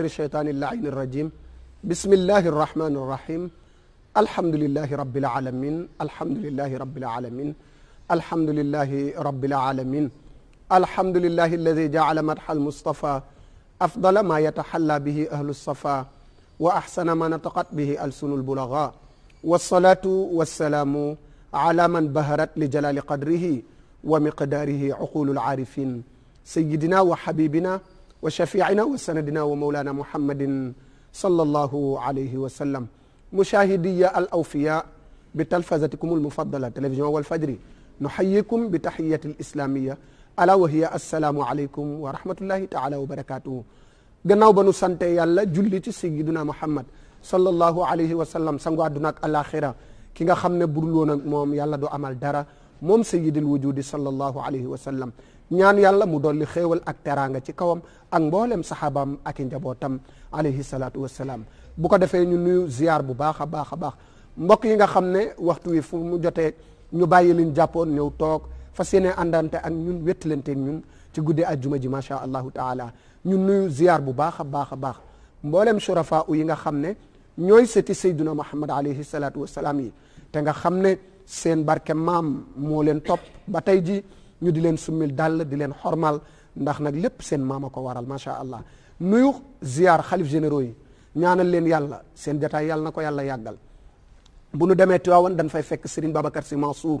الشيطان اللعين الرجيم بسم الله الرحمن الرحيم الحمد لله رب العالمين الحمد لله رب العالمين الحمد لله رب العالمين الحمد لله الذي جعل مدح المصطفى أفضل ما يتحلى به أهل الصفا وأحسن ما نطقت به ألسن البلغاء والصلاة والسلام على من بهرت لجلال قدره ومقداره عقول العارفين سيدنا وحبيبنا wa shafiina wa sanadina wa mawlana muhammadin sallallahu alayhi wa sallam mushahidiya al awfiya bi talfazatikum al mufaddala télévision wal fajri nuhayikum bi tahiyati al islamiya hiya assalaamu aleykum wa rahmatullahi taala wa barakatuhu gannaaw ba nu sante yàlla julli ci sayyidina muhammad sallallahu alayhi wa sallam sangu àdduna ak ki nga xam ne budul woon ak moom yàlla du amal dara moom sayyidil wujudi sallallahu alayhi wa sallam ñaan yàlla mu dolli xéewal ak teraanga ci kawam ak mboolem saxaabaam ak i njabootam alayhi salaatu wassalaam bu ko defee ñu nuyu ziar bu baax a baax a baax mbokk yi nga xam ne waxtu wi fu mu jotee ñu bàyyi liñ jàppoon ñëw toog fas yéene àndante ak ñun wéttalanteeg ñun ci guddi ajjuma ji macha allahu taala ñu nuyu ziar bu baax a baax a baax mboolem surafa u yi nga xam ne ñooy sëti sayduna muhammad alayhi salaatu wassalaam yi te nga xam ne seen barke maam moo leen topp ji ñu di leen summil dàll di leen xormal ndax nag lépp seen maama ko waral macha allah nuyu ziar xalif généraux yi ñaanal leen yàlla seen jataay yàlla na ko yàlla yàggal bu nu demee Tiwaawan dañ fay fekk Serigne Babacar Sy Mansour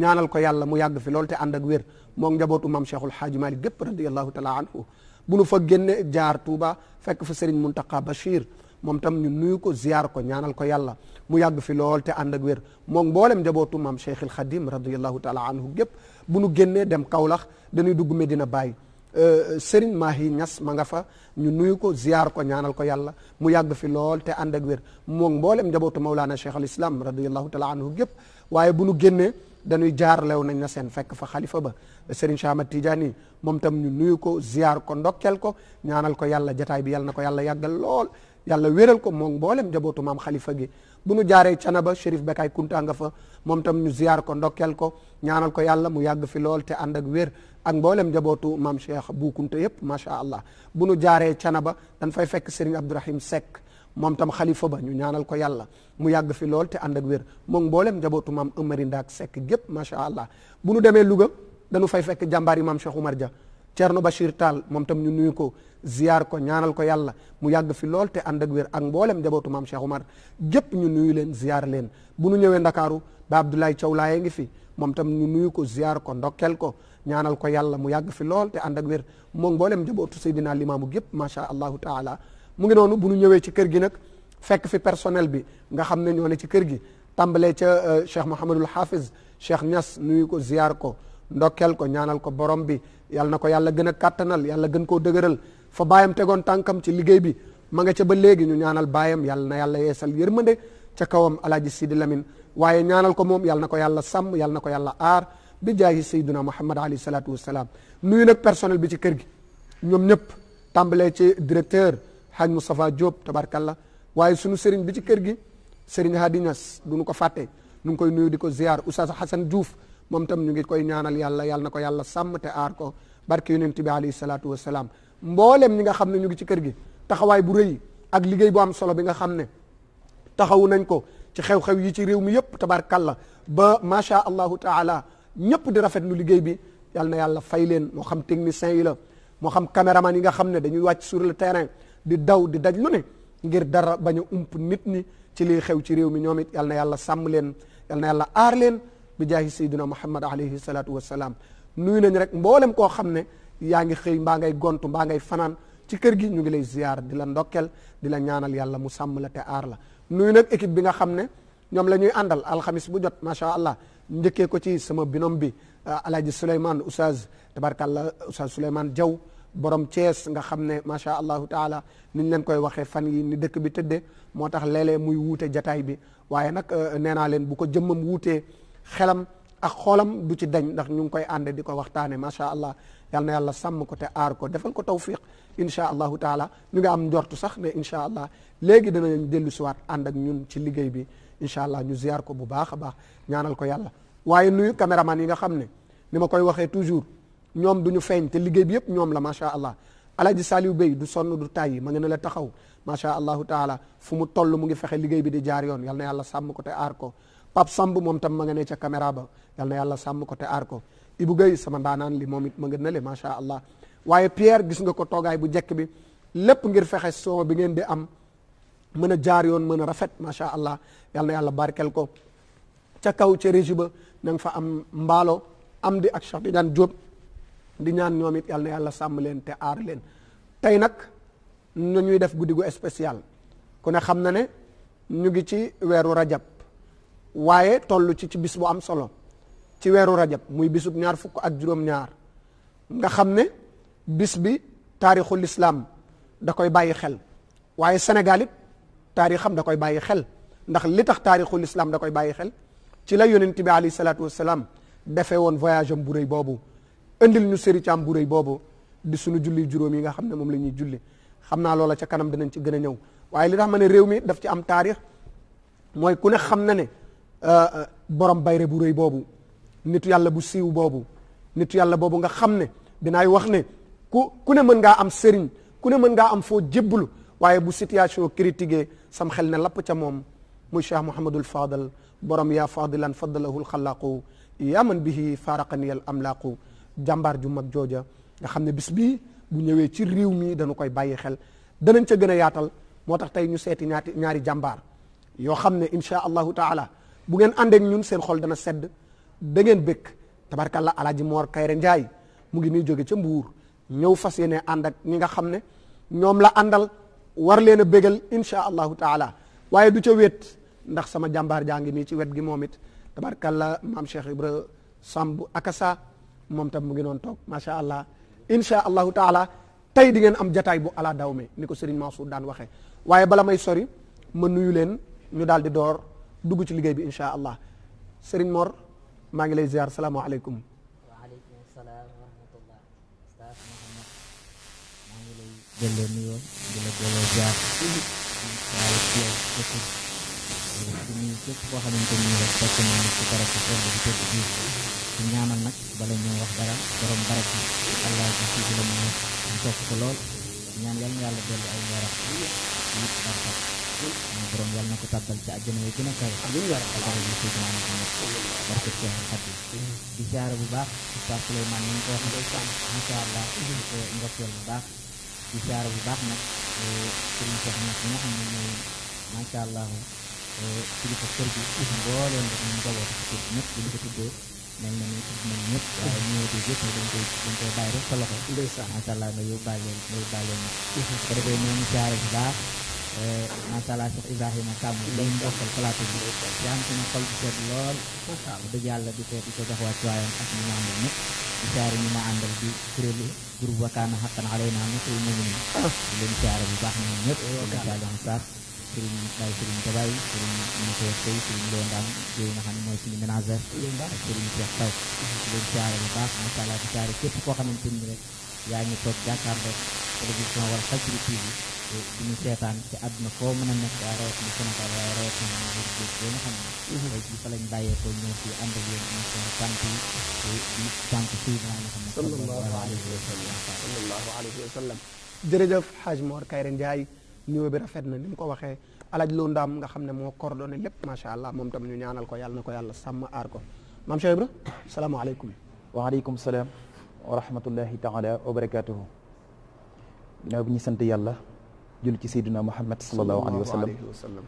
ñaanal ko yàlla mu yàgg fi loolu te ànd ak wér moom njabootu maam Cheikhul Haaji Malik gépp radiallahu taala anhu bu nu fa génne jaar Touba fekk fa Serigne Mountakha Bachir moom tam ñu nuyu ko ziar ko ñaanal ko yàlla mu yàgg fi lool te ànd ak wér moom mboolem njabootu maam Cheikh il Khadim radiyallahu taala anhu gépp bu nu génnee dem Kaolack dañuy dugg Medina Baye euh, Serigne Mahi Niass ma nga fa ñu nuyu ko ziar ko ñaanal ko yàlla mu yàgg fi lool te ànd ak wér moom mboolem njabootu Mawlana Cheikh al Islam radiyallahu taala anhu gépp waaye bu nu génnee dañuy jaar lew nañ na seen fekk fa xalifa ba Serigne Cheikh Ahmad Tidiane moom tam ñu nuyu ko ziar ko ndokkel ko ñaanal ko yàlla jataay bi yàlla na ko yàlla yàggal lool yàlla wéral ko moom mboolem njabootu mam xalifa gi bu nu jaaree canaba shérif Bekay Kunta nga fa moom tam ñu ziyaar ko ndokkeel ko ñaanal ko yàlla mu yàgg fi lool te ànd ak wér ak mboolem njabootu maam bu Kunta yëpp macha allah bu nu jaaree canaba dañ fay fekk Serigne Abdourahim Seck moom tam xalifa ba ñu ñaanal ko yàlla mu yàgg fi lool te ànd ak wér moom mboolem njabootu maam Amari Ndak Seck gépp macha allah bu nu demee Louga dañu fay fekk jàmbaar yi maam Cheikh Oumar Dia Thierno Bachir Tall moom tam ñu nuyu ko ziyaar ko ñaanal ko yàlla mu yàgg fi lool te ànd ak ak mboolem njabootu maam Cheikh Omar gépp ñu nuyu leen ziyaar leen bu ñu ñëwee ndakaaru ba Abdoulaye Thiaw Laye ngi fi moom tam ñu nuyu ko ziyaar ko ndokkel ko ñaanal ko yàlla mu yàgg fi lool te ànd ak wér moom mboolem njabootu Seydina Limaamu gépp macha allahu taala mu ngi noonu bu ñu ñëwee ci kër gi nag fekk fi personnel bi nga xam ne ñoo ne ci kër gi tàmbalee ca euh, Cheikh Mouhamadul Hafiz Cheikh Niass nuyu ko ziyaar ko ndokkeel ko ñaanal ko borom bi yàlla na ko yàlla gën a kàttanal yàlla gën koo dëgëral fa baayam tegoon tànkam ci liggéey bi ma nga ca ba léegi ñu ñaanal baayam yàlla na yàlla yeesal yërmande ca kawam alaaji Sidi Lamine waaye ñaanal ko moom yàlla na ko yàlla sàmm yàlla na ko yàlla aar bi jaayi sayduna muhammad alayhi salaatu wassalaam nuyu nag personnel bi ci kër gi ñoom ñëpp tàmbalee ci directeur Hadj Moustapha Diop tabarkalla waaye sunu sëriñ bi ci kër gi sëriñ Hadi Niass du ko fàtte nu ngi koy nuyu di ko ziar Oustaz Hassan Diouf moom tam ñu ngi koy ñaanal yàlla yàlla na ko yàlla sàmm te aar ko barke yonent bi alayhi salaatu wasalaam mboolem ñi nga xam ne ñu ngi ci kër gi taxawaay bu rëy ak liggéey bu am solo bi nga xam ne taxawu nañ ko ci xew-xew yi ci réew mi yëpp la ba macha allahu taala ñëpp di rafet rafetlu liggéey bi yal na yàlla fay leen moo xam technicien yi la moo xam caméraman yi nga xam ne dañuy wàcc sur le terrain di daw di daj lu ne ngir dara bañ a ump nit ñi ci liy xew ci réew mi ñoom it yal na yàlla sàmm leen leen bi jaahi sayyidina muhammad alayhi salaatu wassalaam nuyu nañ rek mboolem koo xam ne yaa ngi xëy mbaa ngay gontu mbaa ngay fanaan ci kër gi ñu ngi lay ziar di la ndokkel di ñaanal yàlla mu sàmm la te aar la nuyu nag équipe bi nga xam ne ñoom la ñuy àndal alxamis bu jot macha allah njëkkee ko ci sama binom bi euh, alaaji Souleymane oustaz tabarkàllah oustaz Souleymane Diaw borom Thiès nga xam ne macha allahu taala ni leen koy waxee fan yi ni dëkk bi tëddee moo tax léeg-léeg muy wuute jataay bi waaye nag euh, nee naa leen bu ko jëmmam wuutee xelam ak xoolam du ci dañ ndax ñu ngi koy ànd di ko waxtaane macha allah yal na yàlla sàmm ko te aar ko defal ko tawfiq incha allahu taala ñu ngi am njortu sax ne incha allah léegi dana dellu siwaat ànd ak ñun ci liggéey bi incha allah ñu ziar ko bu baax a baax ñaanal ko yàlla waaye nuyu caméraman yi nga xam ne ni ma koy waxee toujours ñoom du ñu feeñ te liggéey bi ñoom la macha allah alaji Saliou Bey du sonn du tàyyi ma nga ne la taxaw macha allahu taala fu mu toll mu ngi fexe liggéey bi di jaar yoon yal na yàlla sàmm ko te aar ko Pape Samb moom tam ma nga ne ca caméra ba yal na yàlla sàmm ko te aar ko Ibou sama ndaanaan li moom it ma nga nale macha allah waaye Pierre gis nga ko toogaay bu njëkk bi lépp ngir fexe son bi ngeen di am mën a jaar yoon mën a rafet macha allah yal yàlla barkel ko ca kaw ca régie ba na nga fa am mbaalo am di ak Cheikh Tidiane Diop di ñaan ñoom it yal yàlla sàmm leen te aar leen tey nag na ñuy def guddi gu spécial ku ne xam na ne ñu ngi ci weeru rajab waaye toll ci ci bis bu am solo ci weeru rajab muy bisub ñaar fukk ak juróom-ñaar nga xam ne bis bi taarixu lislaam da koy bàyyi xel waaye Sénégal it taarixam da koy bàyyi xel ndax li tax taarixu lislaam da koy bàyyi xel ci la yonent bi alayhi salaatu wassalaam defe woon voyage am bu rëy boobu indil ñu seri ci am bu rëy boobu di suñu julli juróom yi nga xam ne moom la ñuy julli xam naa loola ca kanam dinañ ci gën a ñëw waaye li ma ne réew mi daf ci am taarix mooy ku ne xam na ne Euh, euh, borom bayre bu rëy boobu nitu yàlla bu siiw boobu nitu yàlla boobu nga xam ne dinaay wax ne ku ku ne mën ngaa am sëriñ ku ne mën ngaa am foo jébbalu waaye bu situation critiquée sam xel ne lapp ca moom muy cheikh mouhamadul fadal borom yaa fadilan fadalahul xalaaqu yaman man bihi faaraqani al amlaaqu jàmbaar ju mag jooja nga xam ne bis bii bu ñëwee ci réew mi danu koy bàyyi xel danañ ca gën a yaatal moo tax tey ñu seeti ñaati ñaari jàmbaar yoo xam ne inchaa allahu taala bu ngeen àndeek ñun seen xol dana sedd da ngeen bëgg tabarkalla alaaji Moor Kayre Njaay mu ngi nii jóge ca Mbuur ñëw fas yéene ànd ak ñi nga xam ne ñoom la àndal war leen a bégal insha allahu taala waaye du ca wet ndax sama jàmbaar jaa ngi nii ci wet gi moom it tabarkalla maam Cheikh Ibra Samb akasa moom tam mu ngi noonu toog macha allah insha allahu taala tey di ngeen am jataay bu ala dawme ni ko Serigne Mansour daan waxee waaye bala may sori ma nuyu leen ñu daal di door dugg ci liggéey bi incha allah Serigne Mor maa ngi lay ziar salaamaaleykum. waaleykum salaam wa rahmatullah. Oustaz Mouhamed maa ngi lay delloo nuyoo di la delloo ziar. waaye ci yow képp ku nuyu képp koo xamante ni rek fekk naa ci barab bu sell bu tëdd bi di ñaanal nag bala ñoo wax dara borom barab bi allah ji ci di la mu topp ko lool ñaan yàlla na yàlla dellu ay leeram. suñu borom yàlla na ko tàbbal ci àjjana yi gën a kawe barke Cheikh Khadi di siyaare bu baax Oustaz Souleymane ni ñu ko waxee insha allah ndokkeel bu baax nag eh, sëriñ Cheikh allah eh, kilifa kër gi na ni tudd yóbbaale nga yóbbaale ko defee ñoom siyaare bu baax Eh, macha allah Cheikh Ibrahima Samb li ñu bokkal plateau bi yaa lool dëgg yàlla di seet di ko jox wàccuwaayam ak ñu ma àndal ñëpp di saari ñu ma àndal di kuréelu bu baax ñun ñëpp di saajan saar sëriñ Baye sëriñ Tabay sëriñ Moussa Sey sëriñ mooy suñu ménagère ak sëriñ Cheikh Taw di leen saare bu baax macha allah di saare képp koo xamante ni rek yaa ngi toog jàkkaarloo télévision wala Fajri TV di ñu seetaan ci àdduna foo mën a nekk waaye rawat na Sénégal waaye rawat na ngir géej rafet na ni mu ko waxee alaj loo ndaam nga xam ne moo coordonné lépp macha allah moom tam ñu ñaanal ko yàlla na ko yàlla sàmm aar ko maam Cheikh Ibra salaamaaleykum waaleykum salaam wa rahmatullahi taala wa barakatuhu ginnaaw sant yàlla julli ci sayduna muhammad salallahu alayhi wa sallam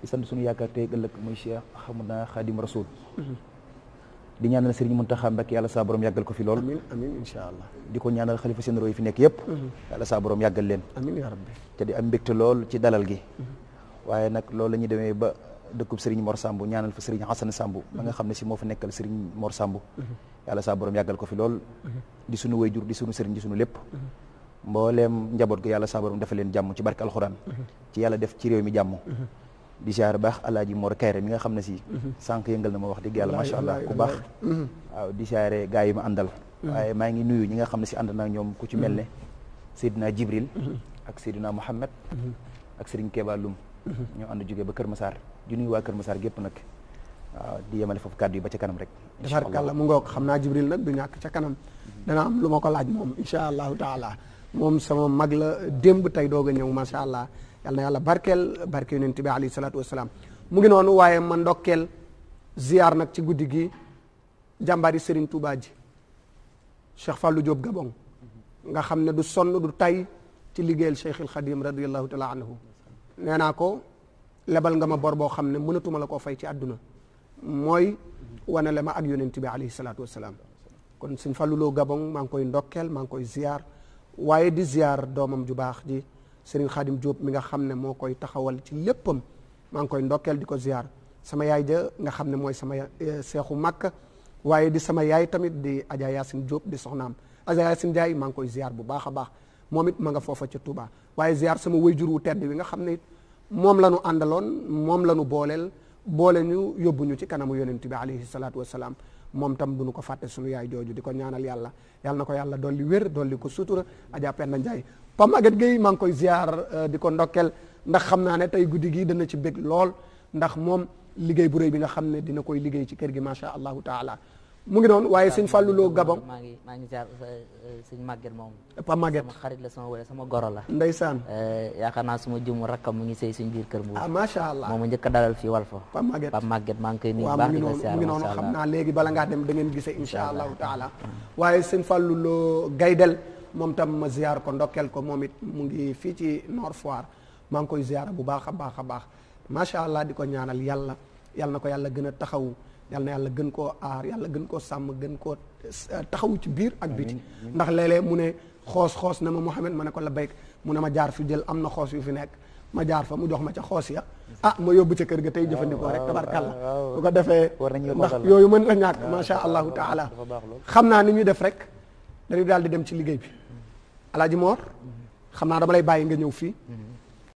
di sant suñu yaakaar tey ëllëg muy cheikh Ahmadou Khadim Rasoul mhm. di ñaanal Serigne Mountakha Mbacké di ko ñaanal xalifa généraux yi fi nekk yaa mhm. rabbi te di am mbégte lool ci dalal gi mhm. loolu la ñuy ba dëkkub Serigne Mor Sambu ñaanal fa Serigne Hassan Sambu ba nga xam ne si moo fa nekkal Serigne Mor Sambu yàlla saa borom yàggal ko fi lool di sunu wayjur di sunu Serigne di sunu lépp mbooleem njaboot ko yàlla saabaram dafa leen jàmm ci barke alxuraan ci yàlla def ci réew mi jàmm di ziar baax alaaji Mor Kayre mi nga xam ne si sànq yëngal na ma wax dëgg yàlla macha allah di ziare gaa yi ma àndal waaye maa ngi nuyu ñi nga xam ne si ànd na ñoom ku ci mel ne Seydina Jibril ak Seydina Mouhamed ak Serigne Keba Loum ñoo ànd jógee ba Kër Massar di nuyu waa Kër Massar gépp nag di yemale foofu kàddu yi ba ca kanam rek tabaarkalla mu ngoog xam naa Jibril nag du ñàkk ca kanam dana moom sama mag la démb tey doog a ñëw macha allah yal na yàlla barkeel barke yonent bi alayhi salaatu mu ngi noonu waaye ma ndokkeel ziar nag ci guddi gi jàmbaari sëriñ Touba ji Cheikh Fallou Diop Gabon nga xam ne du sonn du tay ci liggéeyal Cheikh Khadim radiyallahu taala anhu nee naa ko lebal nga ma bor boo xam ne mënatuma la koo fay ci àdduna mooy wane le ma ak yonent bi alayhi salaatu salaam kon Serigne Fallou Lo Gabon maa ngi koy ndokkeel maa ngi koy ziar waaye di ziar doomam ju baax ji Serigne Khadim Diop mi nga xam ne moo koy taxawal ci léppam maa ngi koy ndokkeel di ko ziar sama yaay ja nga xam ne mooy sama eh, seexu màkk waaye di sama yaay tamit di Adja Yacine Diop di soxnaam ajaa Yacine Ndiaye maa ngi koy ziar bu baax a baax moom it ma nga foofa ca Touba waaye ziar sama wayjur wu tedd bi nga xam ne it moom la ñu àndaloon moom la ñu booleel boole ñu yóbbu ñu ci kanamu yonent bi alayhi salaatu wa moom tam duñu ko fàtte suñu yaay jooju di ko ñaanal yàlla yàlla na ko yàlla dolli wér dolli ko sutura Adja Penda a Pa Maguette Gueye maa ngi koy ziar euh, di ko ndokkel ndax xam naa ne tey guddi gi dana ci bég lool ndax moom liggéey bu réy bi nga xam ne dina koy liggéey ci kër gi macha allahu taala mu ngi noon waaye ah, sëñ Fallou Lo Gabon maa ngi maa ngi jaar eh, sëñ Maguette moom Pa Maguette sama xarit la sama wala sama goro la ndeysaan eh, yaakaar naa suma jëmu rakkam mu ngi sëy suñ biir kër Mbuur ah macha allah moom ma njëkk dalal fii Walfa Pa Maguette Pa Maguette maa ngi koy nuyu baax di la siyaar mu ngi noonu léegi bala ngaa dem da ngeen gisee insha allahu taala waaye sëñ Fallou Lo Gaydel moom tam ma ziar ko ndokkel ko moom it mu ngi fii ci noor Foire maa ngi koy ziar bu baax a baax a baax macha allah di ko ñaanal yàlla yàlla na ko yàlla gën a taxaw yal na yàlla gën koo aar yàlla gën koo sàmm gën koo eh, taxawu ci biir ak biti ndax léeg-léeg mu ne xoos xoos na ma Mouhamed ma ne ko la béyk mu ne ma jaar fi jël am na xoos yu fi nekk ma jaar fa mu jox ma ca xoos ya ah ma yóbbu ca kër ga tey jëfandikoo rek tabarkàlla bu ko defee ndax yooyu mën a ñàkk macha allahu taala xam naa ni muy def rek dañuy daal di dem ci liggéey bi alaaji moor mm-hmm. xam naa dama lay bàyyi nga ñëw fii mm-hmm.